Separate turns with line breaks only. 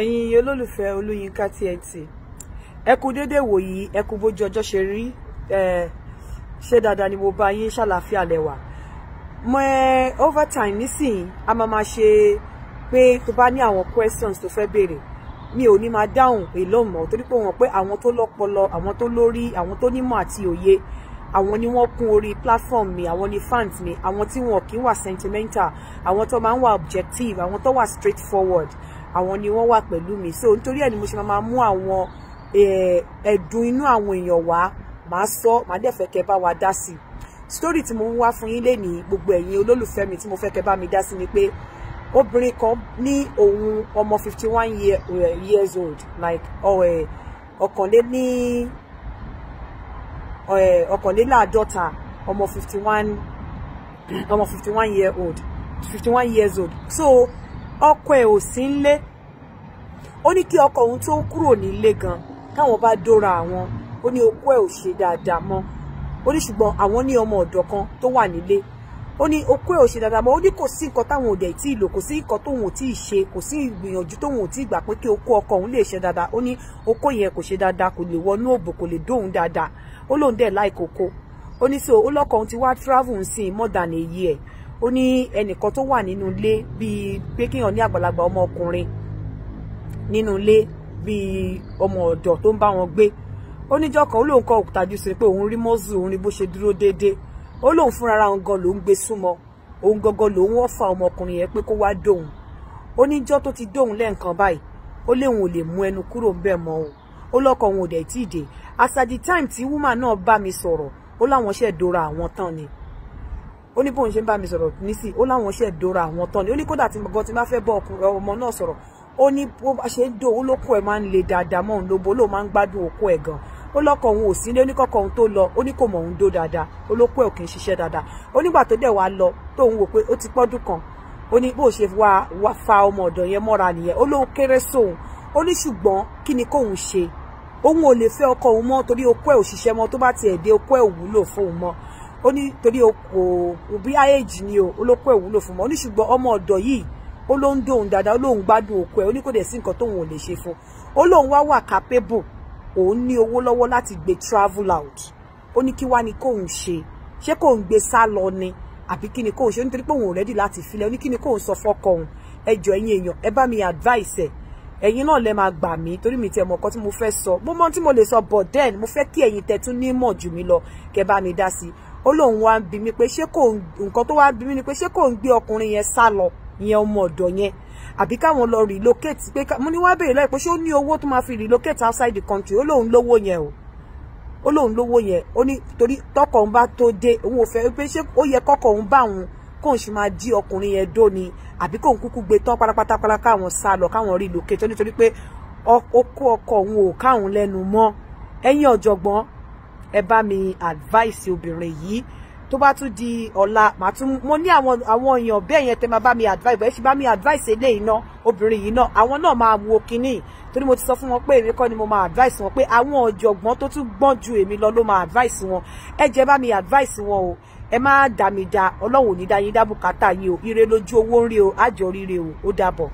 ẹ̀yin olólùfẹ́ olóyinka TNT ẹ kú dédé wòyí ẹ kú bójú ọjọ́ ṣe rí ṣé dáadáa ni mo bá yín ṣàlàáfíà lẹ́wà mo ẹ overtime nísìnyí a máa máa ṣe pé tó bá ní àwọn questions tó fẹ́ béèrè mi ò ní máa dáhùn èlòmọ̀ torí pé wọ́n pé àwọn tó lọ́pọlọ àwọn tó lórí àwọn tó nímọ̀ àti òye àwọn ni wọ́n kún orí platform mi àwọn ni fans mi àwọn tí wọn kì í wà sentimental àwọn tó máa ń wà objective àwọn tó wà straightforward. forward àwọn ni wọ́n wà pẹ̀lú mi so nítorí ẹ̀ ni mo ṣe máa mú àwọn ẹ̀dùn inú àwọn èèyàn wá màá sọ màá dẹ̀ fẹ́ kẹ́ bá wa dá sí i sítórì tí mo ń wá fún yín lénìí gbogbo ẹ̀yin olólùfẹ́ mi tí mo fẹ́ kẹ́ bá mi dá sí ni pé obìnrin kan ní òun ọmọ fifty one year, uh, years old like ọ̀kànléní oh, eh, ọ̀kànléláàádọ́ta eh, ọmọ fifty one ọmọ fifty one year old fifty one years old so ọkọ ẹ̀ ò sí ń lé ó ní kí ọkọ òun tó kúrò nílé gan káwọn bá dóra àwọn ó ní okó ẹ̀ ò ṣe dáadáa mọ́ ó ní ṣùgbọ́n àwọn ní ọmọ ọ̀dọ̀ kan tó wà nílé ó ní okó ẹ̀ ò ṣe dáadáa mọ́ ó ní kò sí nǹkan táwọn òdẹ tí ì lò kò sí nǹkan tóun ò tí ì ṣe kò sí ìgbìyànjú tóun ò tí ì gbà pé kí okó ọkọ òun lè ṣe dáadáa ó ní okó yẹn kò ṣe dáadáa kò lè wọnú òbò kò lè dóhun dáadáa ó lóun dẹ̀ láì kókó ó ní so ó lọ́kọ ti wá travel ń sìn more than a year ó ní ẹnìkan tó wà nínú ilé bíi pé kéèyàn ní àgbàlagbà ọmọkùnrin nínú ilé bíi ọmọ ọ̀dọ̀ tó ń bá wọn gbé ó níjọ́ kan ó lóun kọ òkútajú sí pé òun rí mọ́sù òun ni bó ṣe dúró déédéé ó lóun fúnra ara òun gan lòún gbé súnmọ́ òun gangan lòún wọ́n fa ọmọkùnrin yẹn pé kó wá dóhùn ó níjọ́ tó ti dóhùn lẹ́ǹkan báyìí ó léwọn ò lè mú ẹnu kúrò ńbẹ̀ mọ́ òun ó lọ́kọ̀ òun ò dẹ̀ tí ì dé as at the time tí woman náà bá mi sọ̀rọ̀ ó láwọn ṣẹ̀ dora àwọn tán ni ó ní bóun ṣe ń bá mi sọ̀rọ̀ nísì ó láwọn ṣẹ̀ dora àwọn tán ni ó ní kódà tí gan ti má fẹ́ bọ́ ọmọ náà sọ̀rọ̀ ó ní bó ṣe ń do òun lóko ẹ̀ máa ń le dáadáa mọ́ òun lóbo lóun máa ń gbádùn òkú ẹ̀ gan ó lọ́kọ̀ òun ò sí ilé oníkọ̀kọ̀ òun tó lọ ó ní kò mọ̀ òun dó dáadáa olóko ẹ̀ ò kì í ṣiṣẹ́ dáadáa ó nígbà tó dẹ̀ wá lọ tóun wò pé ó ti pọ́dún kan ó ní bó ṣe wá fa ọmọ ọ̀dọ̀ yẹn mọ́ra nìyẹn ó lóun kéré sóun ó ní ṣùgbọ́n kí ni kóun ṣe òun ò lè fẹ́ ọkọ òun mọ́ torí okó ẹ̀ òṣìṣẹ́ mọ́ tó bá ti ẹ̀dẹ́ okó ẹ̀ wúlò fún òun mọ́ ó ní torí okò òbí ayéjì ni o olókó ẹ̀ wúlò fún mọ́ ó ní ṣùgbọ́n ọmọ ọ̀dọ̀ yìí ó ló ń dóhun dáadáa ó lóun gbádùn òkú ẹ̀ ó ní kò dẹ̀ sí nǹkan tóun ò lè ṣe fún ó lóun wá wà capable òun ní owó lọ́wọ́ láti gbé travel out ó ní kí wá ni kóun ṣe ṣé kóun gbé sá lọ ni àbí kí ni kóun ṣe nítorí pé òun ò rẹ́dì láti filẹ̀ ó ní kí ni kóun sọ fọ́kọ òun ẹ jọ ẹ̀yin èèyàn ẹ bá mi advice ẹ̀ ẹ̀yin náà lẹ máa gbà mí torí mi tiẹ̀ mọ̀ kan tí mo fẹ́ sọ mo mọ̀ tí mo lè sọ but then mo fẹ́ kí ẹ̀yin tẹ́ tún nímọ̀ jù mí lọ kẹ́ bá mi dá sí i ó lóun wá ń bi mí pé ṣé kò nǹkan tó wá ń bi mí ni pé ṣé kò ń gbé ọkùnrin yẹn sá lọ ìyẹn ọmọ ọ̀dọ̀ yẹn àbí káwọn lọ relocate pé mo ní wá béèrè láìpẹ́ ṣé ó ní owó tó máa fi relocate outside the country ó lóun lówó yẹn o ó lóun lówó yẹn ó ní torí tọkọ òun bá tó dé òun ò fẹ́ pé ṣé ó yẹ kọkọ òun bá òun kóun sì máa jí ọkùnrin yẹn dó ni àbí kóun kúkú gbé tán pátápátá káwọn sá lọ káwọn relocate nítorí pé ọkọ ọkọ òun ò káwọn lẹ́nu mọ́ ẹ̀yin ọ̀jọ̀gbọ́n ẹ bá mi advice obìnrin yìí tó bá tún di ọ̀la màá tún mo ní àwọn àwọn èèyàn bẹ́ẹ̀ yẹn tẹ́ máa bá mi advice bẹ́ẹ̀ ṣe bá mi advice eléyìí náà obìnrin yìí náà àwọn náà máa wo kínní torí mo ti sọ fún wọn pé èmi kọ́ ni mo máa advice wọn pé àwọn ọ̀jọ̀gbọ́n tó tún gbọ́n ju èmi lọ ló máa advice wọn ẹ jẹ́ bá mi advice wọn o ẹ má dàmí da ọlọ́run ò ní dá yín dá bùkátà o ire lójú owó ń rí o àjọ ríre o ó dàbọ̀.